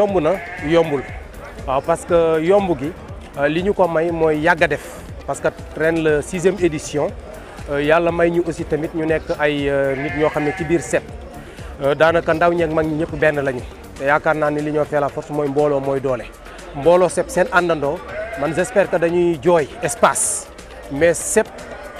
yomb na yombul parce que yomb gi euh, liñu ko may moy yaga def parce que ren la sixième édition euh, yalla may ñu aussi tamit ñu nekk ay euh, nit ño xamné ci biir set danaka ndaw ñeeg mag ñi ñëpp benn lañu te yaakaar ni li ñoo fee la force moy mbolo moy doole mbolo sep sen andando man j'espère que dañuy jooy espace mais sep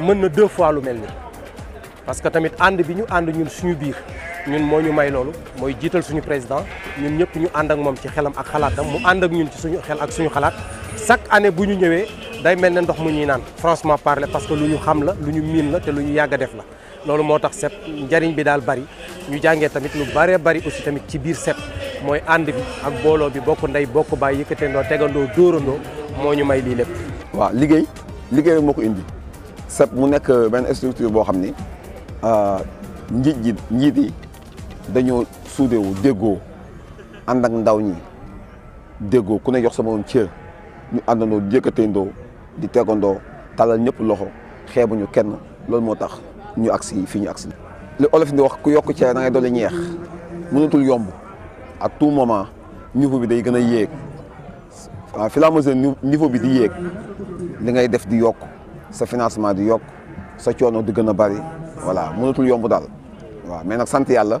mën deux fois lu melni parce que tamit and bi ñu ànd ñun suñu biir ñun moo ñu may loolu mooy jiital suñu président ñun ñëpp ñu ànd ak moom ci xelam ak xalaatam mu ànd ak ñun ci suñu xel ak suñu xalaat chaque année bu ñu ñëwee day mel ne ndox mu ñuy naan franchement parle parce que lu ñu xam la lu ñu miin la te lu ñu yàgga def la loolu moo tax set njariñ bi daal bari ñu jàngee tamit lu bëree bari aussi tamit ci biir set mooy ànd bi ak booloo bi bokk ndey bokk baay yëkkatendoo tegandoo dóorandoo moo ñu may lii lépp waaw liggéey liggéey ko indi set mu nekk benn structure boo xam ni euh, njiit ji njiit yi dañoo suude wu déggoo ànd ak ndaw ñi déggoo ku ne jox sama moom cër ñu àndandoo ndoo di tegandoo talal ñëpp loxo xeebuñu kenn loolu moo tax ñu agsi fi ñu agsi li olof di wax ku yokk cere da ngay dolli ñeex mënatul yomb à tout moment niveau bi day gën a yéeg waaw fi laa mesure niveau bi di yéeg li ngay def di yokk sa financement di yokk sa coonoo di gën a bari voilà mënatul yomb daal waaw mais nag sant yàlla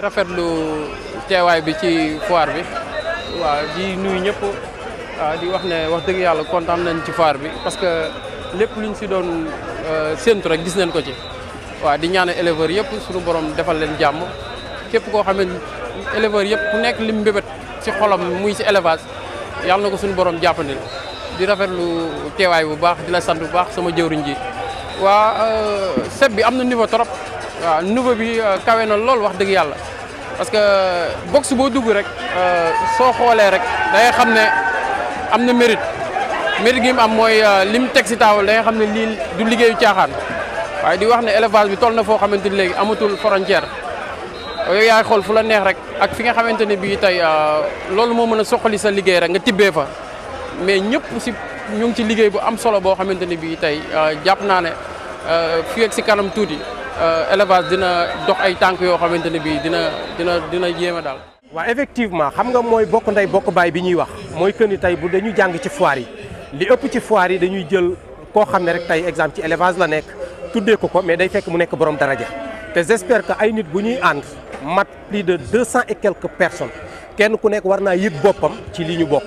rafetlu teewaay bi ci foar bi wa di nuy ñepp di wax ne wax deug yalla contane nañ ci foar bi parce que lepp luñ ci doon euh, séntu rek gis nañ ko ci wa di ñaan éleveur yépp suñu borom defal leen jamm képp ko xam éleveur yépp ku nekk lim bebet ci xolam muy ci élevage yalla nako suñu borom jappandi di rafetlu teewaay bu baax di la sant bu baax sama jëwriñ ji waa euh, seb bi amna niveau trop waaw niveau bi euh, kawe na lool wax dëgg yàlla parce que box boo dugg rek euh, soo xoolee rek da ngay xam ne am na mérite mérite gi mu am mooy euh, li mu teg si taawal da xam ne lii du liggéeyu caaxaan waaye di wax ne élevage bi toll na foo xamante ni léegi amatul frontière yooyu yaay xool fu la neex rek ak fi nga xamante ne bii tey loolu moo mën a soqali sa liggéey rek nga tibbee fa mais ñëpp si ñu ngi ci liggéey bu am solo boo xamante ne bii tey jàpp naa ne fii ak si kanam tuuti. Euh, élevage dina dox ay tànk yoo xamante ne bii dina dina dina yéeme daal. waa effectivement xam nga mooy bokk ndey bokk baay bi ñuy wax mooy que ni tey bu dañuy jàng ci foire yi li ëpp ci foire yi dañuy jël koo xam ne rek tey exemple ci élevage la nekk tuddee ko ko mais day fekk mu nekk borom daraja te j'espère que ay nit bu ñuy ànd mat plus de deux cent et quelques personnes kenn ku nekk war naa yëg boppam ci li ñu bokk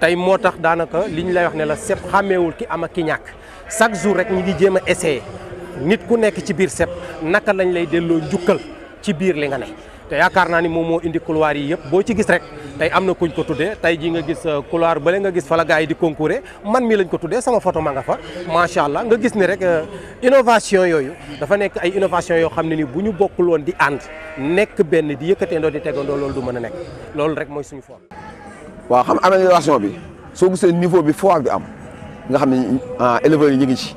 tey moo tax daanaka li ñu lay wax ne la sepp xàmmeewul ki am ki ñàkk chaque jour rek ñu ngi jéem a essayer. nit ku nekk ci biir set naka lañ lay delloo njukkal ci biir li nga ne te yaakaar naa ni moom moo indi couloir yi yëpp boo ci gis rek tey am na kuñ ko tuddee tey jii nga gis euh, couloir bële nga gis fa la gars yi di concouré man mii lañ ko tuddee sama photo ma nga fa macha allah nga gis ni rek euh, innovation yooyu dafa nekk ay innovation yoo xam ne ni bu ñu bokkul woon di ànd nekk benn di yëkkateendoo di tegandoo loolu du mën a nekk loolu rek mooy suñu forme. waaw xam amélioration bi soo gisee niveau bi foire bi am nga xam ne euh, éleveurs yi ñu ngi ci.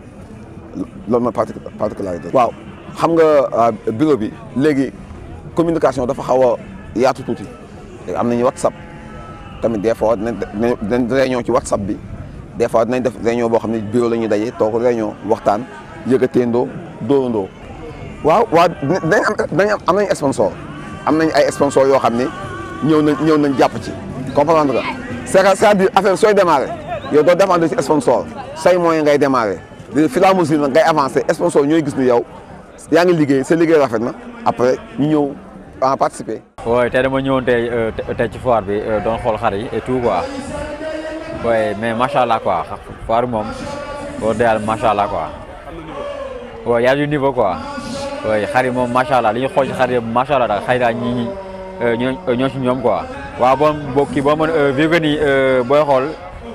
loolu mooy particularité waaw xam nga ah, bureau bi léegi communication dafa xaw a yaatu tuuti am na nañu whatsapp tamit des fois dinañ réunion ci whatsapp bi des fois dinañ def réunion boo xam ne bureau la ñuy daje toog réunion waxtaan yëkkateendoo dóorandoo waaw waaw dañ am dañ am nañ sponsor am nañ ay sponsor yoo xam ne ñëw nañ ñëw nañ jàpp ci comprendre nga c'est-à-dire affaire sooy démarrer yow doo dépendre ci sponsor say moyen ngay démarrer fur et à mesure avancé sponsor ñooy gis ni yow yaa ngi liggéey sa liggéey rafet na après ñu ñëw en participer. waaw tey dama ñëwoon tey euh, tey ci bi euh, doon xool xar yi et tout mais macha allah quoi foire niveau quoi waaye xar moom macha li ñu xool ci xar yëpp macha allah ñi euh, ñoom quoi. waaw bon bokki boo mën vive nii booy xool.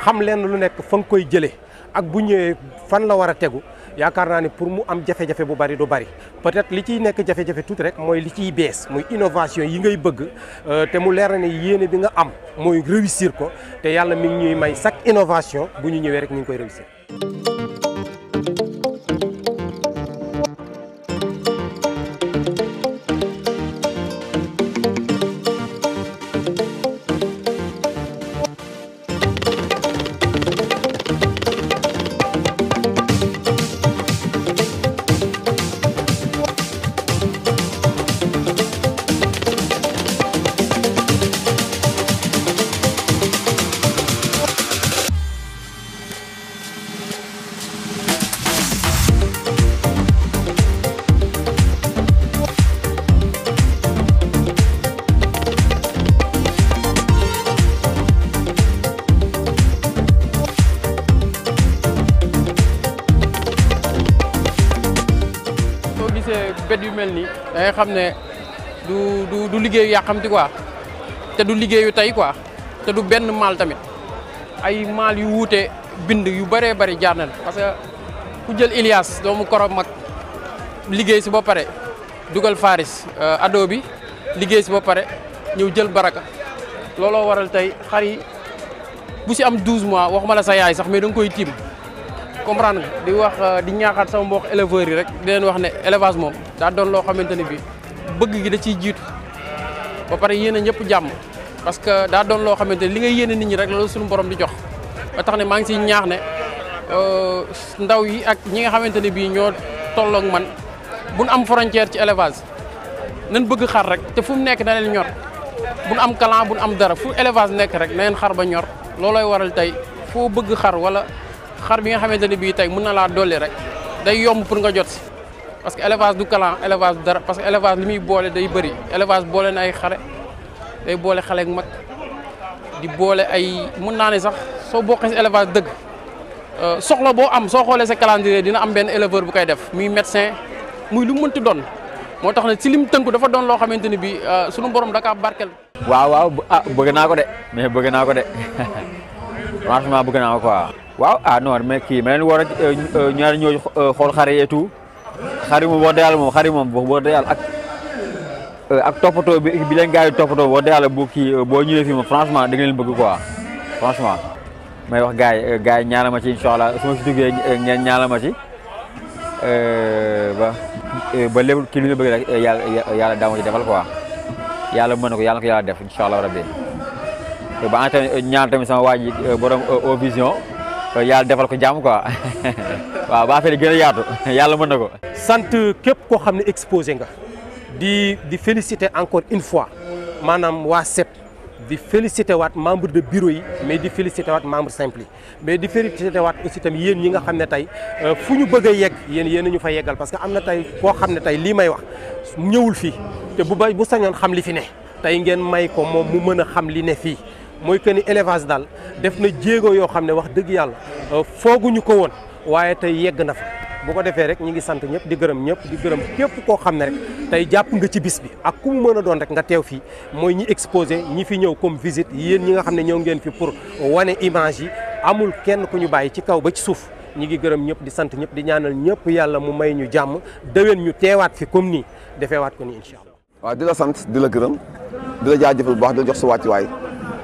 xam leen lu nekk fa nga koy jëlee ak bu ñëwee fan la war a tegu yaakaar naa ni pour mu am jafe-jafe bu bari du bari peut-être li ciy nekk jafe-jafe tuuti rek mooy li ciy bees muy innovation yi ngay bëgg euh, te mu leer ne yéene bi nga am mooy réussir ko te yàlla mi ngi ñuy may chaque innovation bu ñu ñëwee rek ñu ngi koy réussir. xam ne du du du liggéeyu yàqamti quoi te du liggéeyu tey quoi te du benn maal tamit ay maal yu wuute bind yu bëree bëri jaar na parce que ku jël Ilias doomu korom mag liggéey si ba pare dugal Faris euh, ado bi liggéey si ba pare ñëw jël baraka looloo waral tey xar yi bu si am 12 mois waxuma la sa yaay sax mais da nga koy tiim. comprendre nga di wax euh, di ñaaxaat sama mbokk éleveurs yi rek di leen wax ne élevage moom daa doon loo xamante ne bii bëgg gi da ciy jiit ba pare yéene ñëpp jàmm parce que daa doon loo xamante ne li ngay yéene nit ñi rek loolu suñu borom di jox ba tax ne maa ngi siy ñaax ne euh, ndaw yi ak ñi nga xamante ne bii ñoo tolloog man buñ am frontière ci élevage nañ bëgg xar rek te fu mu nekk na leen ñor buñ am calan buñ am dara fu élevage nekk rek na leen xar ba ñor loolooy waral tey xar bi nga xamante ne bii tey mun na laa dolli rek day yomb pour nga jot si parce que élevage du kalan élevage dara parce que élevage li muy boole day bëri élevage boole na ay xare day boole xale ak mag di boole ay mun naa ne sax soo bokkee si élevage dëgg euh, soxla boo am soo xoolee sa calendrier dina am benn éleveur bu koy def muy médecin muy lu mënti doon moo tax ne ci lim tënku dafa doon loo xamante ni bii euh, sunu borom da kaa barkel. waaw waaw ah bëgg naa ko de mais bëgg naa ko de franchement naa ko waaw aa ah, non mais kii ma leen war euh, euh, ñaari ñooy euh, xool xare et tout xari moom wax dëgg moom xari moom wax dëgg ak ak toppatoo bi bi leen gars yi toppatoo wax dëgg yàlla bu kii boo ñëwee fi moom franchement da nga leen bëgg quoi franchement may wax gars yi gars yi ñaanal ma ci incha allah su si duggee ngeen ñaanal ma ba ba kii li nga bëgg yàlla yàlla defal quoi yàlla mën ko yàlla na ko yàlla def incha allah rabbi ba en ñaan yàlla defal ko jàmm quoi waaw ba affaire yi gën yaatu yàlla mën na ko. sant képp koo xam ne exposé nga di di féliciter encore une fois maanaam waa SET di féliciter waat membre de bureau yi mais di féliciter waat membre simple mais di féliciter waat aussi tamit yéen ñi nga xam ne tey euh, fu ñu bëgg a yegg yéen yéen a ñu fa yeggal parce que am na tey koo xam ne tey lii may wax ñëwul fii te bu bay bu sañoon xam li fi ne tey ngeen may ko moom mu mën a xam li ne fii. mooy que ni élevage daal def na jéego yoo xam ne wax dëgg yàlla euh, fooguñu ko woon waaye tey yegg na fa boo ko defee rek ñi ngi sant ñëpp di gërëm ñëpp di gërëm képp koo xam ne rek tey nga ci bis bi ak ku a doon rek nga teew fii mooy ñi exposé ñi fi ñëw comme visite yéen ñi nga xam ne ñëw ngeen fi pour wane image yi amul kenn ku ñu bàyyi ci kaw ba ci suuf ñi ngi gërëm ñëpp di sant ñëpp di ñaanal ñëpp yàlla mu may ñu jàmm déwén ñu teewaat fi comme nii defeewaat ko nii incha allah. waa di la sant di la gërëm di la jaajëfal bu baax di la jox sa wàccuwaay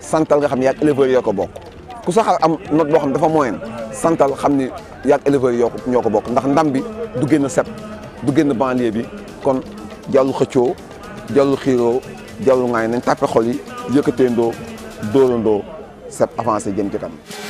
santal nga xam ne yaag éleveurs yoo bokk ku saxar am note boo xam ne dafa moyen santal xam ni yaag éleveurs yoo ñoo ko bokk ndax ndam bi du génn set du génn banlieue bi kon jàllu xëccoo jàllu xiiroo jàllu ŋaay nañ tàppe xol yi yëkkateendoo dóorandoo set avancé jëm ci